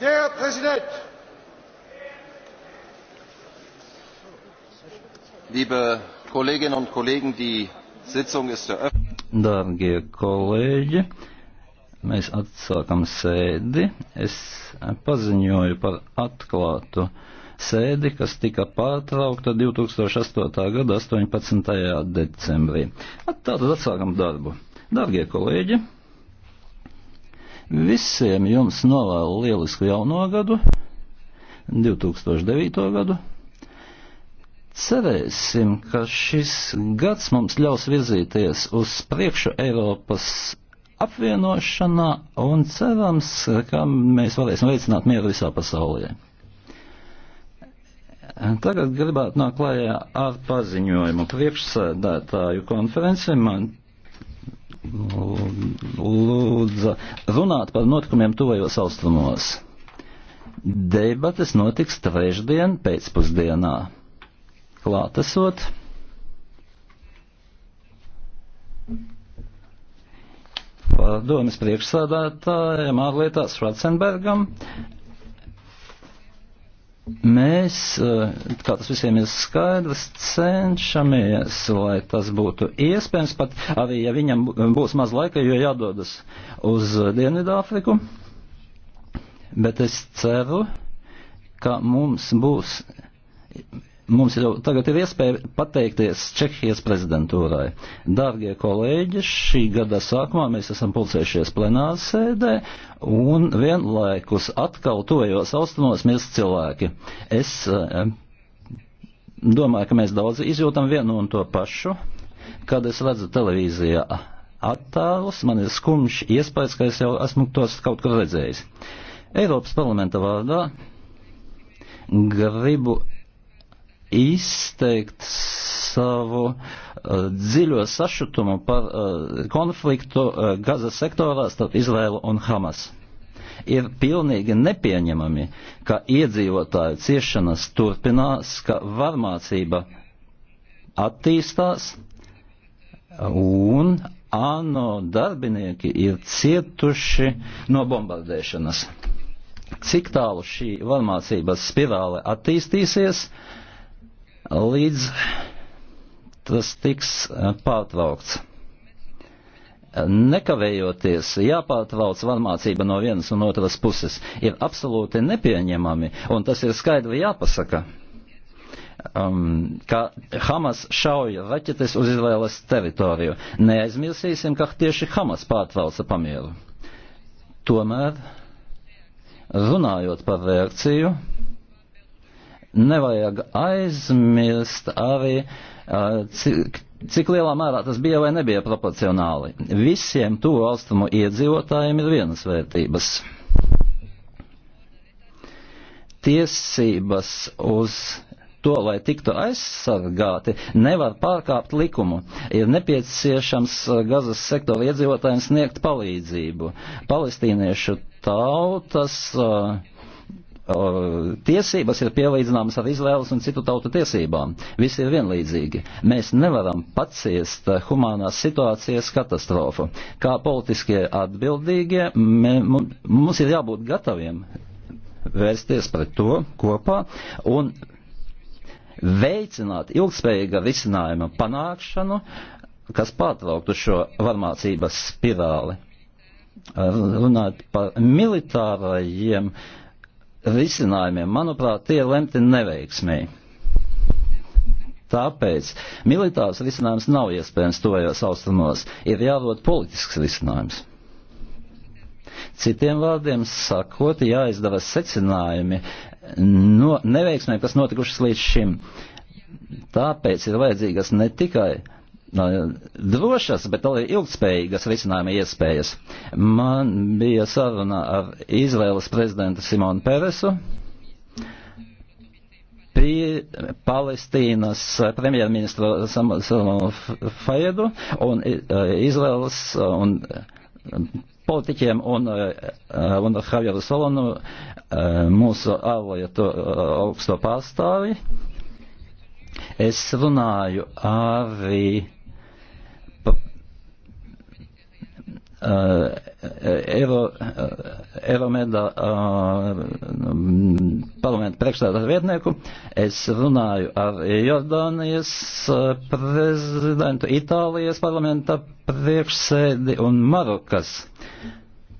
Der Präsident! Liebe Kolleginnen und Kollegen, die Sitzung ist eröffnet. Darbie kolēģi, mēs atsākam sēdi. Es paziņoju par atklātu sēdi, kas tika pārtraukta 2008. gada 18. decembrī. Tātad atsākam darbu. Darbie kolēģi! Visiem jums novēlu lielisku jauno gadu, 2009. gadu. Cerēsim, ka šis gads mums ļaus virzīties uz priekšu Eiropas apvienošanā un cerams, ka mēs varēsim veicināt mieru visā pasaulē. Tagad gribētu nāk klājā ar paziņojumu priekšsēdētāju konferenci. Man lūdza runāt par notikumiem tuvajos austrumos. Debates notiks trešdien pēcpusdienā. Klātesot. Padomis priekšsādātājiem ārlietās Schwarzenbergam Mēs, eh, kā tas visiem ir skaidrs, cenšamies, lai tas būtu iespējams, pat arī, ja viņam būs maz laika, jo jādodas uz Dienvidāfriku. Bet es ceru, ka mums būs Mums jau tagad ir iespēja pateikties Čehijas prezidentūrai. Dārgie kolēģi, šī gada sākumā mēs esam pulcējušies plenārsēdē un vienlaikus atkal tojos austrumos mirst cilvēki. Es eh, domāju, ka mēs daudz izjūtam vienu un to pašu, kad es redzu televīzijā attēlus, man ir skumjš iespējas, ka es jau esmu tos kaut kur redzējis. Eiropas parlamenta vārdā gribu izteikt savu uh, dziļo sašutumu par uh, konfliktu uh, eh, Gaza sektorā starp Izraēlu un Hamas. Ir pilnīgi nepieņemami, ka iedzīvotāju ciešanas turpinās, ka varmācība attīstās un ANO darbinieki ir cietuši no bombardēšanas. Cik tālu šī varmācības spirāle attīstīsies, uh, līdz tas tiks eh, pārtraukts. Nekavējoties jāpārtrauc varmācība no vienas un otras puses ir absolūti nepieņemami, un tas ir skaidri jāpasaka um, ka Hamas šauja raķetes uz Izraēlas teritoriju. Neaizmirsīsim, ka tieši Hamas pārtrauca pamieru. Tomēr, runājot par reakciju, nevajag aizmirst arī, cik, cik lielā mērā tas bija vai nebija proporcionāli. Visiem to valstumu iedzīvotājiem ir vienas vērtības. Tiesības uz to, lai tiktu aizsargāti, nevar pārkāpt likumu. Ir nepieciešams Gazas sektora iedzīvotājiem sniegt palīdzību. Palestīniešu tautas uh, tiesības ir pielīdzināmas ar Izraels un citu tautu tiesībām. Visi ir vienlīdzīgi. Mēs nevaram paciest humanās situācijas katastrofu. Kā politiskie atbildīgie, mē, mums ir jābūt gataviem vērsties pret to kopā un veicināt ilgspējīga risinājuma panākšanu, kas pārtrauktu šo varmācības spirāli runāt par militārajiem risinājumiem, manuprāt, tie ir lemti neveiksmīgi. Tāpēc militārs risinājums nav iespējams tojos austrumos, ir jārod politisks risinājums. Citiem vārdiem sakot, jāizdara secinājumi no neveiksmēm, kas notikušas līdz šim. Tāpēc ir vajadzīgas ne tikai drošas, bet arī ilgspējīgas risinājuma iespējas. Man bija saruna ar Izraēlas prezidentu Simonu Peresu, pie Palestīnas premjerministru Samu Fajedu un Izraels un politiķiem un, un Javieru Solonu mūsu ārlietu augsto pārstāvi. Es runāju arī Eiro, eh, eh, Eiromeda eh, parlamenta priekšstādātāju vietnieku. Es runāju ar Jordānijas prezidentu, Itālijas parlamenta priekšsēdi un Marokas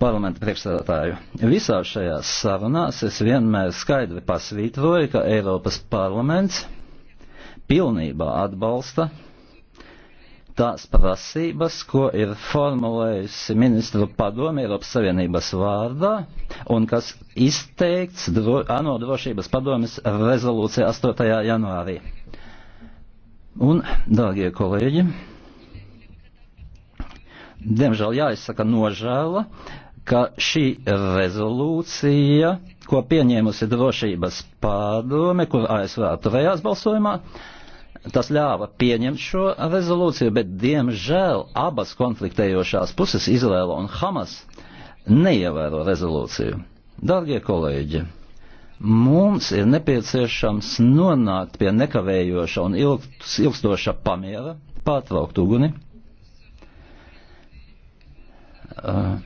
parlamenta priekšstādātāju. Visā šajās sarunās es vienmēr skaidri pasvītroju, ka Eiropas parlaments pilnībā atbalsta tās prasības, ko ir formulējusi ministru padome Eiropas Savienības vārdā un kas izteikts dro, ANO drošības padomes rezolūcija 8. janvārī. Un, dārgie kolēģi, diemžēl jāizsaka nožēla, ka šī rezolūcija, ko pieņēmusi drošības padome, kur ASV atturējās balsojumā, uh, Tas ļāva pieņemt šo rezolūciju, bet diemžēl abas konfliktējošās puses, Izraela un Hamas, neievēro rezolūciju. Dārgie kolēģi, mums ir nepieciešams nonākt pie nekavējoša un ilgstoša pamiera, pārtraukt uguni. Uh,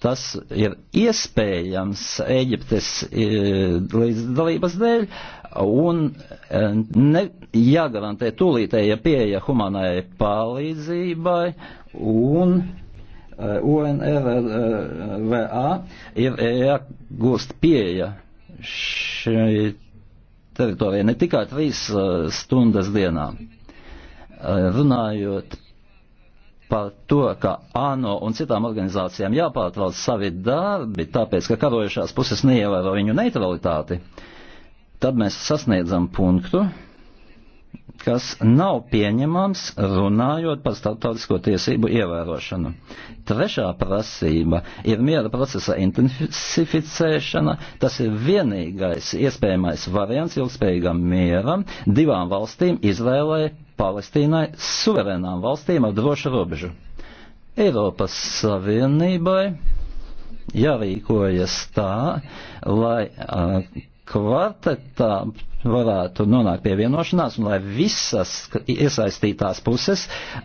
tas ir iespējams Eģiptes eh, līdzdalības dēļ, un e, ne, jāgarantē tūlītēja pieeja humanai palīdzībai un e, UNRWA ir jāgūst pieeja šai teritorijai ne tikai trīs e, stundas dienā. Runājot par to, ka ANO un citām organizācijām jāpārtrauc savi darbi, tāpēc, ka karojušās puses neievēro viņu neutralitāti. Uh, tad mēs sasniedzam punktu, kas nav pieņemams runājot par starptautisko tiesību ievērošanu. Trešā prasība ir miera procesa intensificēšana. Tas ir vienīgais iespējamais variants ilgspējīgam mieram divām valstīm - Izrēlai, Palestīnai, suverēnām valstīm ar drošu robežu. Eiropas Savienībai jārīkojas tā, lai. Uh, kvartetā varētu nonākt pie vienošanās un lai visas iesaistītās puses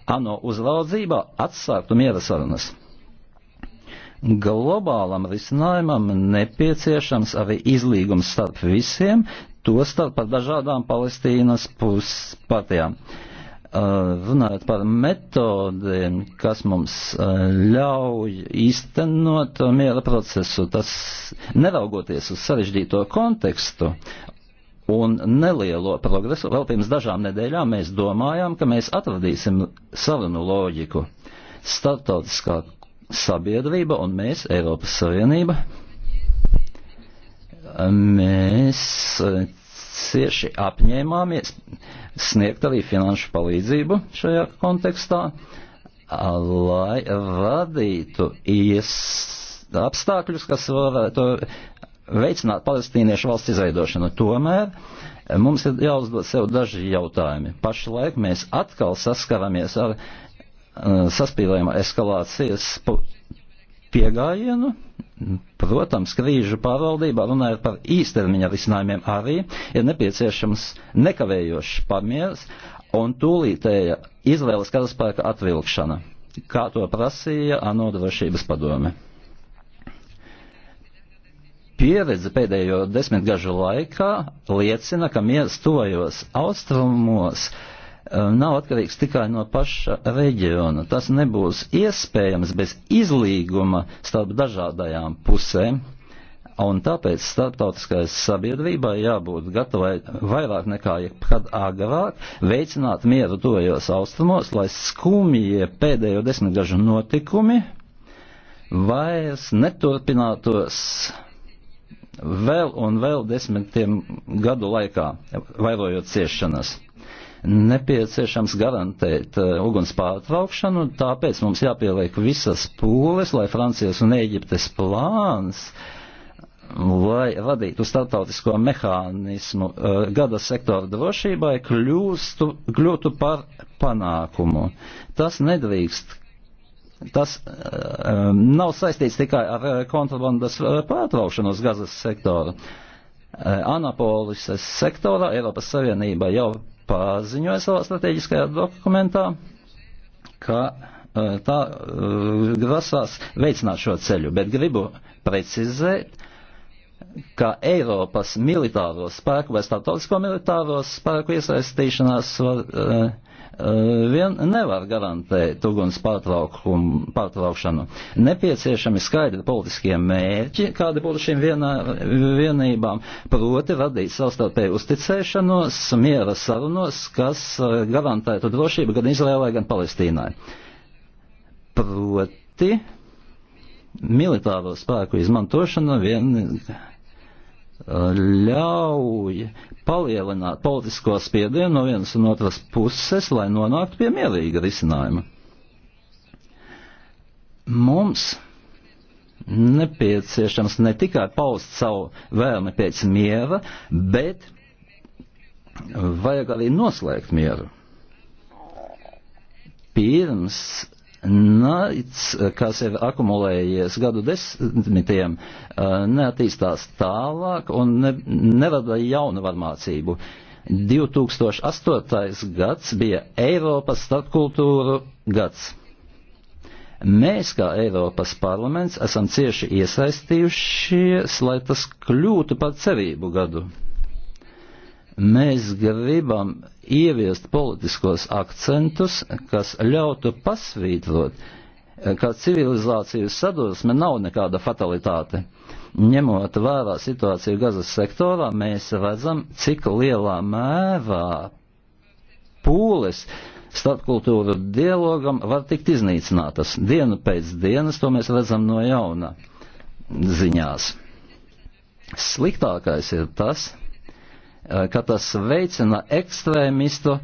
ANO uzraudzībā atsāktu miera sarunas. Globālam risinājumam nepieciešams arī izlīgums starp visiem, to starp par dažādām Palestīnas puses partijām. Uh, Uh, runājot par metodiem, kas mums uh, ļauj īstenot miera procesu, tas neraugoties uz sarežģīto kontekstu un nelielo progresu, vēl pirms dažām nedēļām mēs domājām, ka mēs atradīsim sarunu loģiku. Startautiskā sabiedrība un mēs, Eiropas Savienība, mēs cieši apņēmāmies sniegt arī finanšu palīdzību šajā kontekstā, lai vadītu ies apstākļus, kas varētu veicināt palestīniešu valsts izveidošanu. Tomēr mums ir jāuzdod sev daži jautājumi. Pašlaik mēs atkal saskaramies ar eh, saspīlējumu eskalācijas pieejamību pieejamību Protams, krīžu pārvaldībā, runājot par īstermiņa risinājumiem, arī ir nepieciešams nekavējošs pamieris un tūlītēja Izraels karaspēka atvilkšana, kā to prasīja ANO drošības padome. Pieredze pēdējo desmitgažu laikā liecina, ka miers tojos austrumos uh, Um, nav atkarīgs tikai no paša reģiona. Tas nebūs iespējams bez izlīguma starp dažādajām pusēm. Un tāpēc starptautiskai sabiedrībai jābūt gatavai vairāk nekā jebkad agrāk veicināt mieru tojos austrumos, lai skumjie pēdējo desmitgažu notikumi vairs neturpinātos vēl un vēl desmitiem gadu laikā, vairojot ciešanas nepieciešams garantēt eh, uguns pārtraukšanu, tāpēc mums jāpieliek visas pūles, lai Francijas un Eģiptes plāns lai radītu startautisko mehānismu eh, gada sektora drošībai, kļūstu, kļūtu par panākumu. Tas nedrīkst tas um, nav saistīts tikai ar kontrabandas pārtraukšanu uz gazas sektoru. Anapolises sektorā Eiropas Savienība jau paziņoja savā strateģiskajā dokumentā, ka e, tā e, grasās veicināt šo ceļu, bet gribu precizēt, ka Eiropas militāro spēku vai starptautisko militāro spēku iesaistīšanās var. Uh, Eh, vien nevar garantēt uguns pārtraukšanu. Nepieciešami skaidri politiskie mērķi, kādi būtu šīm vienā, vienībām, proti radīt savstarpēju uzticēšanos, miera sarunos, kas eh, garantētu drošību gan Izrēlai, gan Palestīnai. Proti militāro spēku izmantošana vien ļauj palielināt politisko spiedienu no vienas un otras puses, lai nonāktu pie mierīga risinājuma. Mums nepieciešams ne tikai paust savu vēlmi pēc miera, bet vajag arī noslēgt mieru. Pirms Naids, kas ir akumulējies gadu desmitiem, eh, neattīstās tālāk un ne, nevada jaunu varmācību. 2008. gads bija Eiropas starpkultūru gads. Mēs, kā Eiropas parlaments, esam cieši iesaistījušies, lai tas kļūtu par cerību gadu. Mēs gribam ieviest politiskos akcentus, kas ļautu pasvītrot, ka civilizācijas sadursme nav nekāda fatalitāte. Ņemot vērā situāciju Gazas sektorā, mēs redzam, cik lielā mērā pūles starpkultūru dialogam var tikt iznīcinātas. Dienu pēc dienas to mēs redzam no jauna ziņās. Sliktākais ir tas, ka tas veicina ekstrēmistu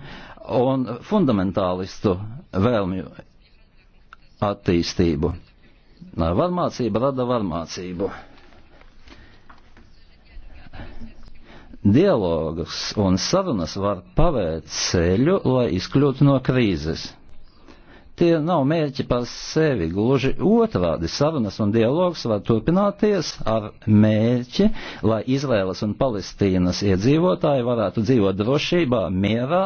un fundamentālistu vēlmju attīstību. Varmācība rada varmācību. Dialogs un sarunas var pavērt ceļu, lai izkļūtu no krīzes. Tie nav mērķi par sevi, gluži otrādi sarunas un dialogs var turpināties ar mērķi, lai Izraēlas un Palestīnas iedzīvotāji varētu dzīvot drošībā, mierā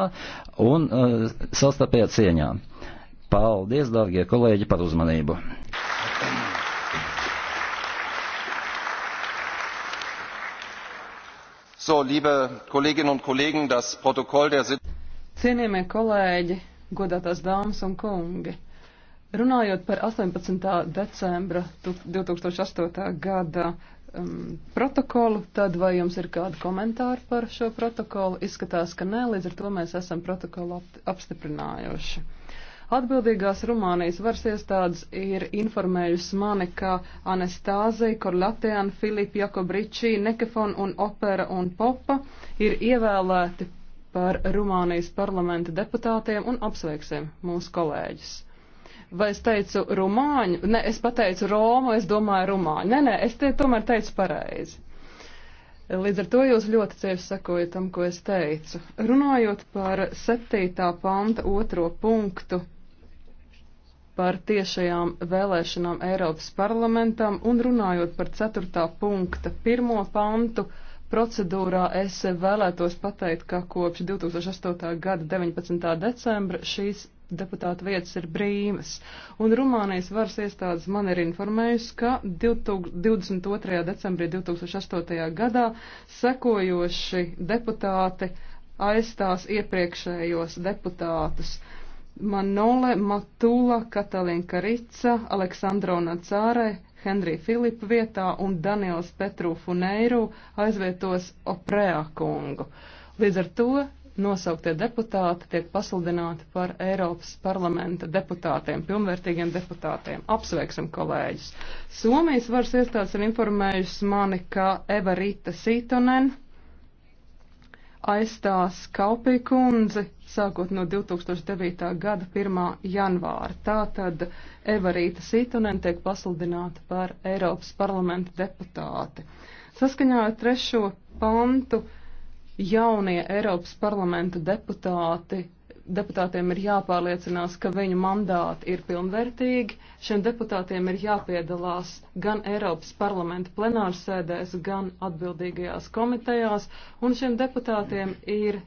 un uh, eh, sastarpējā cieņā. Paldies, dārgie kolēģi, par uzmanību! So, liebe Kolleginnen und Kollegen, das Protokoll der Sitzung. Cienījamie kolēģi, godātās dāmas un kungi. Runājot par 18. decembra 2008. gada um, protokolu, tad vai jums ir kādi komentāri par šo protokolu? Izskatās, ka nē, līdz ar to mēs esam protokolu ap, apstiprinājuši. Atbildīgās Rumānijas varas iestādes ir informējusi mani, ka Anastāzija, Korlatēna, Filipa Jakobričī, Nekefon un Opera un Popa ir ievēlēti par Rumānijas parlamenta deputātiem un apsveiksim mūsu kolēģus. Vai es teicu rumāņu? Nē, es pateicu Romu, es domāju rumāņu. Nē, nē, es te tomēr teicu pareizi. Līdz ar to jūs ļoti cieši sekojat tam, ko es teicu. Runājot par 7. panta otro punktu par tiešajām vēlēšanām Eiropas parlamentam un runājot par 4. punkta pirmo pantu, uh, procedūrā es vēlētos pateikt, ka kopš 2008. gada 19. decembra šīs deputāta vietas ir brīvas, un Rumānijas varas iestādes man ir informējusi, ka 22. decembrī 2008. gadā sekojoši deputāti aizstās iepriekšējos deputātus. Manole Matula, Katalīna Karica, Aleksandrona Cārē, Henrija Filipa vietā un Daniels Petru Funeiru aizvietos Oprēā kungu. Līdz ar to nosauktie deputāti tiek pasludināti par Eiropas parlamenta deputātiem, pilnvērtīgiem deputātiem. Apsveiksim kolēģus. Somijas varas iestādes ir informējusi mani, ka Eva Rita Sītonen aizstās Kaupī kundzi, sākot no 2009. gada 1. janvāra. Tātad Evarīta Sītunen tiek pasludināta par Eiropas parlamenta deputāti. Saskaņā ar trešo pantu jaunie Eiropas parlamenta deputāti deputātiem ir jāpārliecinās, ka viņu mandāti ir pilnvērtīgi. Šiem deputātiem ir jāpiedalās gan Eiropas parlamenta plenārsēdēs, gan atbildīgajās komitejās, un šiem deputātiem ir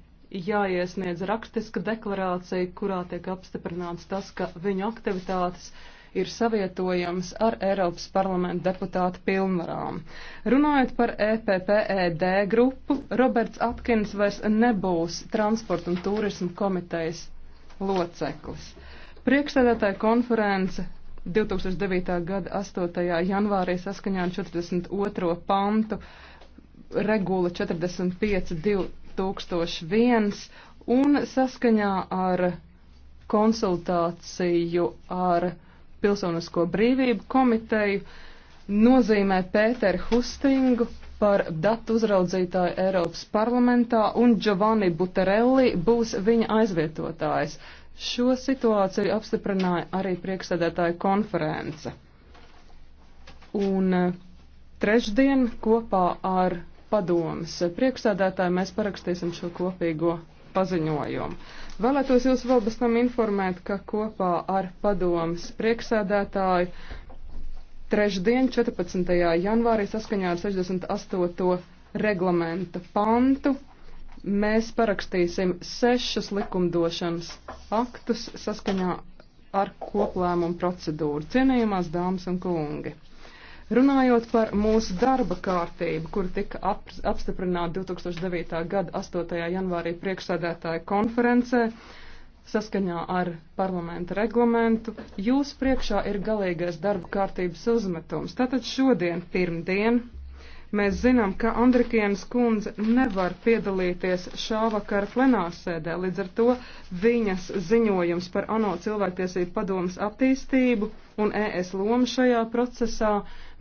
jāiesniedz rakstiska deklarācija, kurā tiek apstiprināts tas, ka viņu aktivitātes ir savietojams ar Eiropas parlamenta deputāta pilnvarām. Runājot par EPPED grupu, Roberts Atkins vairs nebūs transporta un turismu komitejas loceklis. Priekšsēdētāja konference 2009. gada 8. janvārī saskaņā ar 42. pantu regula 45 2001 un saskaņā ar konsultāciju ar Pilsonisko brīvību komiteju nozīmē Pēteru Hustingu par datu uzraudzītāju Eiropas parlamentā un Giovanni Buterelli būs viņa aizvietotājs. Šo situāciju apstiprināja arī priekšsēdētāja konference. Un eh, trešdien kopā ar padomas priekšsēdētāju mēs parakstīsim šo kopīgo paziņojumu. Vēlētos jūs vēl bez tam informēt, ka kopā ar padomas priekšsēdētāju trešdien 14. janvārī saskaņā ar 68. reglamenta pantu mēs parakstīsim sešus likumdošanas aktus saskaņā ar koplēmumu procedūru. Cienījumās dāmas un kungi! Runājot par mūsu darba kārtību, kur tika ap, apstiprināta 2009. gada 8. janvārī priekšsēdētāja konferencē, saskaņā ar parlamenta reglamentu, jūs priekšā ir galīgais darba kārtības uzmetums. Tātad šodien, pirmdien, Mēs zinām, ka Andrikienas kundze nevar piedalīties šā vakara plenārsēdē, līdz ar to viņas ziņojums par ANO cilvēktiesību padomas attīstību un ES lomu šajā procesā.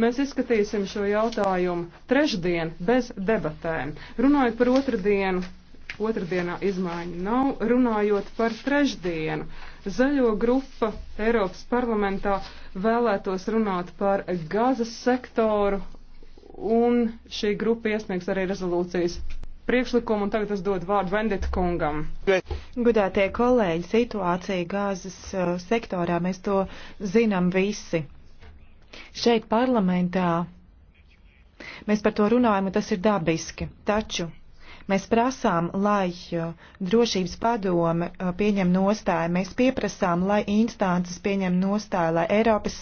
Mēs izskatīsim šo jautājumu trešdien bez debatēm. Runājot par otrdienu, otrdienā izmaiņu nav, runājot par trešdienu. Zaļo grupa Eiropas parlamentā vēlētos runāt par gazas sektoru un šī grupa iesniegs arī rezolūcijas priekšlikumu, un tagad es dodu vārdu Vendita kungam. Gudētie kolēģi, situācija gāzes uh, sektorā, mēs to zinām visi. Šeit parlamentā mēs par to runājam, un tas ir dabiski. Taču mēs prasām, lai uh, drošības padome uh, pieņem nostāju, mēs pieprasām, lai instances pieņem nostāju, lai Eiropas